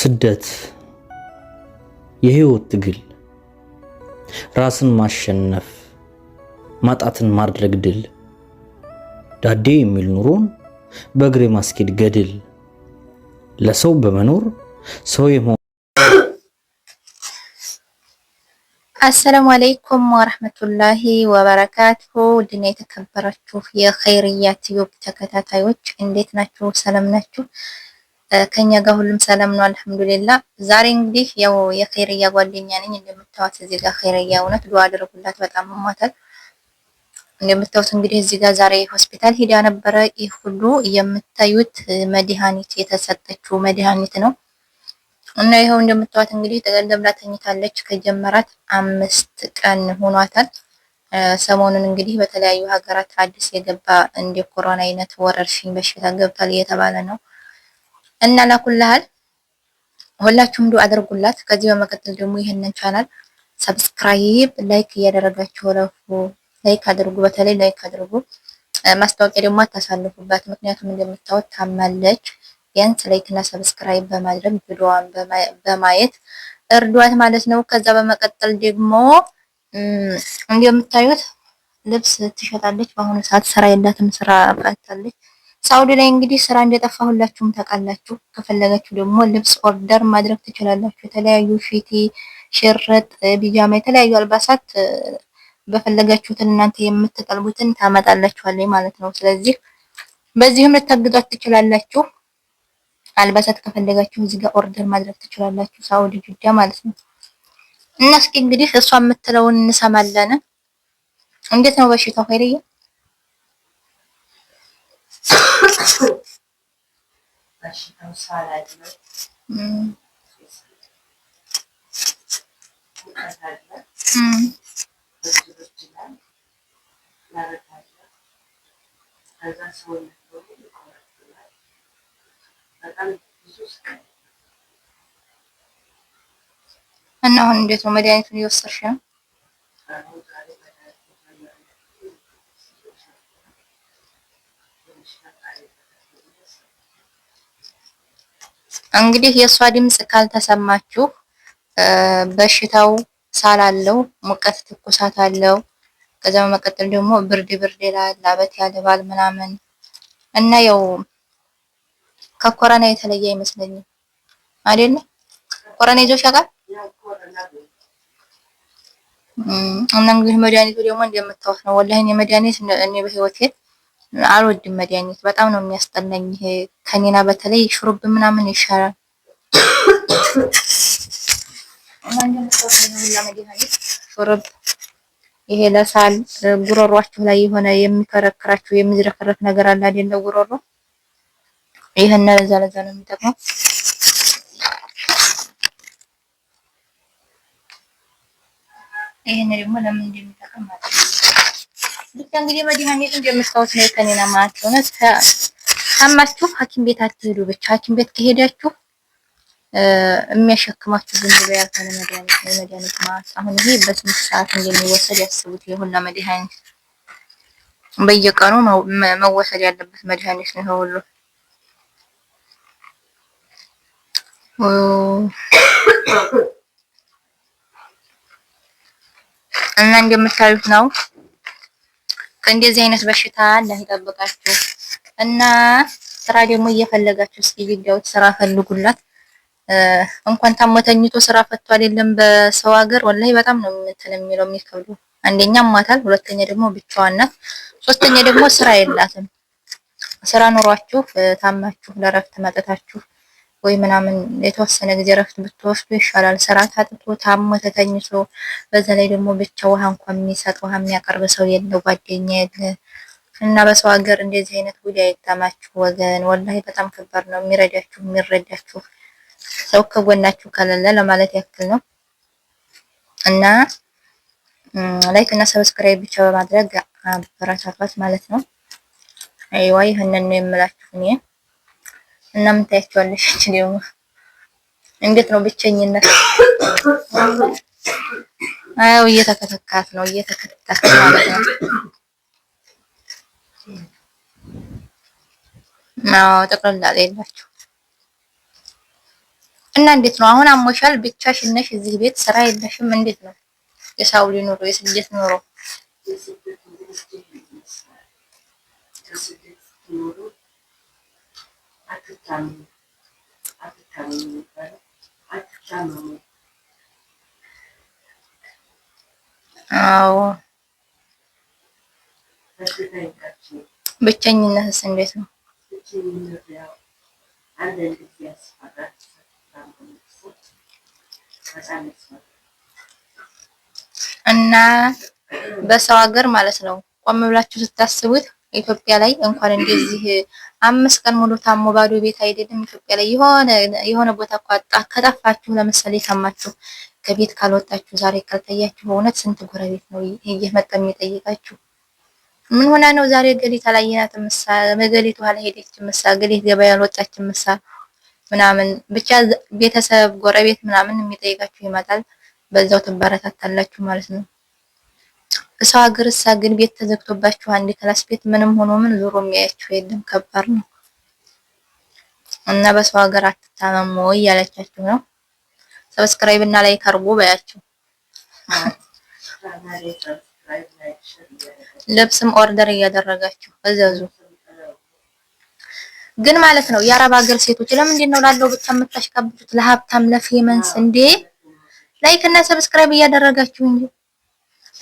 ስደት፣ የህይወት ትግል፣ ራስን ማሸነፍ፣ ማጣትን ማድረግ ድል፣ ዳዴ የሚል ኑሮን በእግሬ ማስኬድ ገድል፣ ለሰው በመኖር ሰው የመሆን አሰላሙ አለይኩም ወረህመቱላሂ ወበረካቱ ውድና የተከበራችሁ የኸይርያ ቲዩብ ተከታታዮች እንዴት ናችሁ? ሰላም ናችሁ? ከኛ ጋር ሁሉም ሰላም ነው፣ አልሐምዱሊላ። ዛሬ እንግዲህ ያው የኸይርያ ጓደኛ ነኝ እንደምታዩት እዚህ ጋር ኸይርያ እውነት ዱዓ አድርጉላት፣ በጣም ሟታል። እንደምታዩት እንግዲህ እዚህ ጋር ዛሬ ሆስፒታል ሄዳ ነበረ። ይህ ሁሉ የምታዩት መድኃኒት የተሰጠችው መድኃኒት ነው እና ይኸው እንደምታዩት እንግዲህ ተቀደምላ ተኝታለች። ከጀመራት አምስት ቀን ሆኗታል። ሰሞኑን እንግዲህ በተለያዩ ሀገራት አዲስ የገባ እንደ ኮሮና አይነት ወረርሽኝ በሽታ ገብቷል እየተባለ ነው እና ላኩልሃል ሁላችሁም ዱ አድርጉላት። ከዚህ በመቀጠል ደግሞ ይህንን ቻናል ሰብስክራይብ፣ ላይክ እያደረጋችሁ ለፉ ላይክ አድርጉ፣ በተለይ ላይክ አድርጉ። ማስታወቂያ ደግሞ አታሳልፉባት፣ ምክንያቱም እንደምታወት ታማለች። ቢያንስ ላይክ እና ሰብስክራይብ በማድረግ ቪዲዮዋን በማየት እርዷት ማለት ነው። ከዛ በመቀጠል ደግሞ እንደምታዩት ልብስ ትሸጣለች። በአሁኑ ሰዓት ስራ የላትም፣ ስራ ፈታለች። ሳውዲ ላይ እንግዲህ ስራ እንደጠፋ ሁላችሁም ታውቃላችሁ። ከፈለጋችሁ ደግሞ ልብስ ኦርደር ማድረግ ትችላላችሁ። የተለያዩ ፊቲ፣ ሽርጥ፣ ቢጃማ፣ የተለያዩ አልባሳት በፈለጋችሁትን እናንተ የምትጠልቡትን ታመጣላችኋለች ማለት ነው። ስለዚህ በዚህም ልታግዟት ትችላላችሁ። አልባሳት ከፈለጋችሁ እዚህ ጋር ኦርደር ማድረግ ትችላላችሁ፣ ሳውዲ ጅዳ ማለት ነው። እና እስኪ እንግዲህ እሷ የምትለውን እንሰማለን። እንዴት ነው በሽታው ኸይርዬ? እና አሁን እንዴት ነው መድኃኒቱን እየወሰድሽ ነው? እንግዲህ የእሷ ድምፅ ካልተሰማችሁ በሽታው ሳል አለው፣ ሙቀት ትኩሳት አለው። ከዛ በመቀጠል ደግሞ ብርድ ብርድ ይላል፣ አበት ያልባል ምናምን እና ያው ከኮረና የተለየ አይመስለኝም አይደለ? ኮረና ይዞሽ ያውቃል? እና እንግዲህ መድኃኒቱ ደግሞ እንደምታወት ነው። ወላሂ እኔ መድኃኒት እኔ በህይወቴ አልወድም መድኃኒት በጣም ነው የሚያስጠላኝ። ይሄ ከኔና በተለይ ሹሩብ ምናምን ይሻላል። ሹሩብ ይሄ ለሳል ጉሮሯችሁ ላይ የሆነ የሚከረክራችሁ የሚዝረከረክ ነገር አለ አይደለ? ጉሮሮ ይሄን ለዛ ለዛ ነው የሚጠቅመው። ይሄን ደግሞ ለምን እንደሚጠቅም ማለት ነው እንግዲህ መድኃኒቱ እንደምታዩት ነው። ከኔና ማለት ነው። ታማችሁ ሐኪም ቤት አትሄዱ። ብቻ ሐኪም ቤት ከሄዳችሁ የሚያሸክማችሁ ዝም ብሎ ያልሆነ መድኃኒት ነው። መድኃኒት ማለት አሁን ይሄ በስንት ሰዓት እንደሚወሰድ ያስቡት። የሁላ መድኃኒት በየቀኑ መወሰድ ያለበት መድኃኒት ነው ሁሉ እና እንደምታዩት ነው። ከእንደዚህ አይነት በሽታ አለ ይጠብቃችሁ እና ስራ ደግሞ እየፈለጋችሁ እስኪ ቢጋውት ስራ ፈልጉላት። እንኳን ታሞ ተኝቶ ስራ ፈቶ አይደለም በሰው ሀገር ወላሂ በጣም ነው እንትን የሚለው የሚከብዱ። አንደኛ ማታል፣ ሁለተኛ ደግሞ ብቻዋን ናት፣ ሶስተኛ ደግሞ ስራ የላትም። ስራ ኑሯችሁ ታማችሁ ለረፍት መጠታችሁ ወይ ምናምን የተወሰነ ጊዜ ረፍት ብትወስዱ ይሻላል። ስራ ታጥቶ ታሞ ተተኝቶ፣ በዛ ላይ ደግሞ ብቻ ውሃ እንኳን የሚሰጥ ውሃ የሚያቀርብ ሰው የለ፣ ጓደኛ የለ እና በሰው ሀገር እንደዚህ አይነት ጉድ አይታማችሁ ወገን፣ ወላሂ በጣም ከባድ ነው። የሚረዳችሁ የሚረዳችሁ ሰው ከጎናችሁ ከሌለ ለማለት ያክል ነው እና ላይክ እና ሰብስክራይብ ብቻ በማድረግ አበረታቷት ማለት ነው። አይዋ ይህንን ነው የምላችሁ እኔ። እናም ታያቸዋለሽ። ደግሞ እንዴት ነው ብቸኝነት? አው እየተከተካት ነው እየተከተካት ማለት ነው። አዎ ጠቅላላ እና እንዴት ነው አሁን አሞሻል? ብቻሽን ነሽ? እዚህ ቤት ስራ የለሽም? እንዴት ነው የሳውሊ ኑሮ የስደት ኑሮ? አትታመሙ አትታመሙ የሚባለው አትታመሙ። አዎ ብቸኝነትስ እንዴት ነው? እና በሰው ሀገር ማለት ነው ቆም ብላችሁ ስታስቡት ኢትዮጵያ ላይ እንኳን እንደዚህ አምስት ቀን ሙሉ ታሞ ባዶ ቤት አይደለም። ኢትዮጵያ ላይ የሆነ የሆነ ቦታ ቋጣ ከጠፋችሁ፣ ለምሳሌ ታማችሁ ከቤት ካልወጣችሁ፣ ዛሬ ካልታያችሁ፣ በእውነት ስንት ጎረቤት ነው እየመጣ የሚጠይቃችሁ ምን ሆና ነው ዛሬ ገሊት አላየናትም፣ ምሳ መገሊት ኋላ ሄደች፣ ምሳ ገሊት ገበያ አልወጣችም፣ ምሳ ምናምን ብቻ ቤተሰብ ጎረቤት ምናምን የሚጠይቃችሁ ይመጣል። በዛው ትበረታታላችሁ ማለት ነው። እሰው ሀገር እሳ ግን ቤት ተዘግቶባችሁ አንድ ክላስ ቤት ምንም ሆኖ ምን ዞሮ የሚያያችሁ የለም። ከባድ ነው እና በሰው ሀገር አትታመሙ እያለቻችሁ ነው። ሰብስክራይብ እና ላይክ አድርጉ በያችሁ። ልብስም ኦርደር እያደረጋችሁ እዘዙ። ግን ማለት ነው የአረብ ሀገር ሴቶች ለምንድን ነው ላለው ብቻ የምታሽቃብጡት? ለሀብታም ለፌመንስ እንዴ! ላይክ እና ሰብስክራይብ እያደረጋችሁ እንዴ?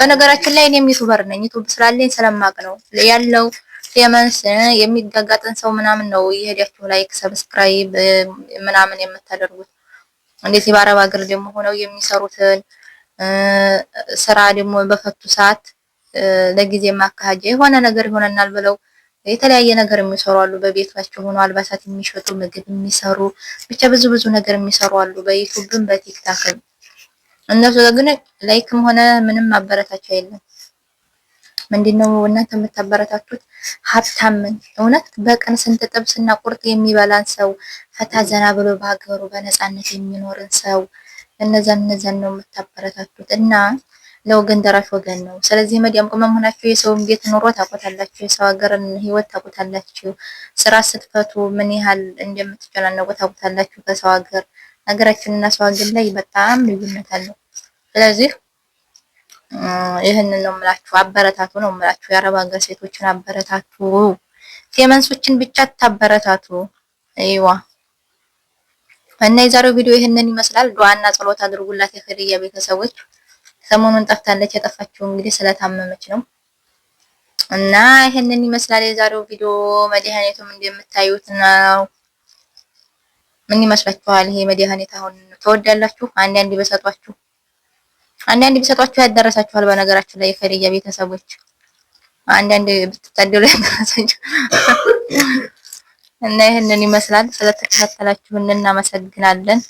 በነገራችን ላይ እኔም ዩቱበር ነኝ። ዩቱብ ስላለኝ ስለማቅ ነው ያለው ፌመንስ የሚጋጋጥን ሰው ምናምን ነው እየሄዳችሁ ላይክ፣ ሰብስክራይብ ምናምን የምታደርጉት። እንዴት በአረብ ሀገር ደግሞ ሆነው የሚሰሩትን ስራ ደግሞ በፈቱ ሰዓት ለጊዜ ማካሄጃ የሆነ ነገር ይሆነናል ብለው የተለያየ ነገር የሚሰሩ አሉ። በቤታቸው ሆኖ አልባሳት የሚሸጡ ምግብ የሚሰሩ ብቻ ብዙ ብዙ ነገር የሚሰሩ አሉ በዩቱብም በቲክታክም እነሱ ግን ላይክም ሆነ ምንም ማበረታቻ የለም። ምንድነው እናንተ የምታበረታቱት? ሀብታምን እውነት በቀን ስንት ጥብስና ቁርጥ የሚበላን ሰው ፈታ ዘና ብሎ በሀገሩ በነፃነት የሚኖርን ሰው እነዛን እነዛን ነው የምታበረታቱት እና ለወገን ደራሽ ወገን ነው። ስለዚህ መዲያም ቅመም ሆናችሁ የሰውን ቤት ኑሮ ታቆታላችሁ፣ የሰው ሀገርን ህይወት ታቆታላችሁ፣ ስራ ስትፈቱ ምን ያህል እንደምትጨናነቁ ታቆታላችሁ ከሰው ሀገር ሀገራችን እና ሰው ሀገር ላይ በጣም ልዩነት አለው። ስለዚህ ይህንን ነው የምላችሁ፣ አበረታቱ ነው የምላችሁ። የአረብ ሀገር ሴቶችን አበረታቱ። ፌመንሶችን ብቻ ታበረታቱ። ይዋ እና የዛሬው ቪዲዮ ይህንን ይመስላል። ዱዓና ጸሎት አድርጉላት የኸዲያ ቤተሰቦች። ሰሞኑን ጠፍታለች። የጠፋችው እንግዲህ ስለታመመች ነው። እና ይህንን ይመስላል የዛሬው ቪዲዮ። መድኃኒቱም እንደምታዩት ነው። ምን ይመስላችኋል? ይሄ መድኃኒት አሁን ተወዳላችሁ? አንዳንድ ቢሰጧችሁ አንዳንድ ቢሰጧችሁ ያደረሳችኋል። በነገራችሁ ላይ የከድያ ቤተሰቦች አንዳንድ ብትታደሉ ያደረሳችሁ እና ይህንን ይመስላል። ስለተከታተላችሁን እናመሰግናለን።